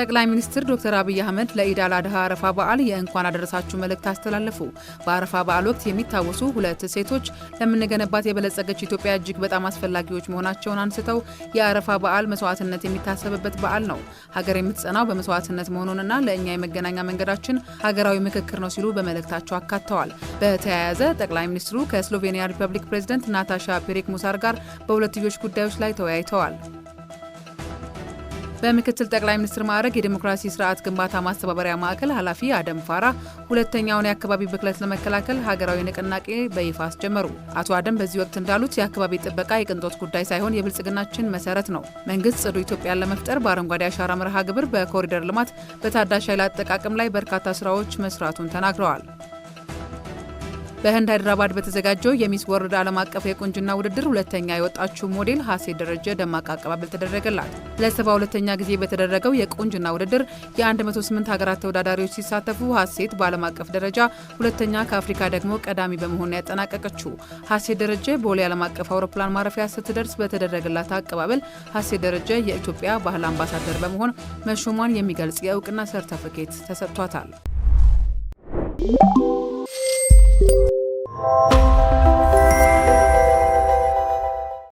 ጠቅላይ ሚኒስትር ዶክተር አብይ አህመድ ለኢድ አል አድሃ አረፋ በዓል የእንኳን አደረሳችሁ መልእክት አስተላለፉ። በአረፋ በዓል ወቅት የሚታወሱ ሁለት ሴቶች ለምንገነባት የበለጸገች ኢትዮጵያ እጅግ በጣም አስፈላጊዎች መሆናቸውን አንስተው የአረፋ በዓል መስዋዕትነት የሚታሰብበት በዓል ነው፣ ሀገር የምትጸናው በመስዋዕትነት መሆኑንና ለእኛ የመገናኛ መንገዳችን ሀገራዊ ምክክር ነው ሲሉ በመልእክታቸው አካተዋል። በተያያዘ ጠቅላይ ሚኒስትሩ ከስሎቬኒያ ሪፐብሊክ ፕሬዚደንት ናታሻ ፔሬክ ሙሳር ጋር በሁለትዮሽ ጉዳዮች ላይ ተወያይተዋል። በምክትል ጠቅላይ ሚኒስትር ማዕረግ የዲሞክራሲ ስርዓት ግንባታ ማስተባበሪያ ማዕከል ኃላፊ አደም ፋራ ሁለተኛውን የአካባቢ ብክለት ለመከላከል ሀገራዊ ንቅናቄ በይፋ አስጀመሩ። አቶ አደም በዚህ ወቅት እንዳሉት የአካባቢ ጥበቃ የቅንጦት ጉዳይ ሳይሆን የብልጽግናችን መሰረት ነው። መንግስት ጽዱ ኢትዮጵያን ለመፍጠር በአረንጓዴ አሻራ መርሃ ግብር፣ በኮሪደር ልማት፣ በታዳሽ ኃይል አጠቃቀም ላይ በርካታ ስራዎች መስራቱን ተናግረዋል። በህንድ ሃይድራባድ በተዘጋጀው የሚስ ወርልድ ዓለም አቀፍ የቁንጅና ውድድር ሁለተኛ የወጣችው ሞዴል ሀሴት ደረጀ ደማቅ አቀባበል ተደረገላት። ለሰባ ሁለተኛ ጊዜ በተደረገው የቁንጅና ውድድር የ108 ሀገራት ተወዳዳሪዎች ሲሳተፉ ሀሴት በዓለም አቀፍ ደረጃ ሁለተኛ፣ ከአፍሪካ ደግሞ ቀዳሚ በመሆን ያጠናቀቀችው ሀሴት ደረጀ ቦሌ ዓለም አቀፍ አውሮፕላን ማረፊያ ስትደርስ በተደረገላት አቀባበል ሀሴት ደረጀ የኢትዮጵያ ባህል አምባሳደር በመሆን መሾሟን የሚገልጽ የእውቅና ሰርተፍኬት ተሰጥቷታል።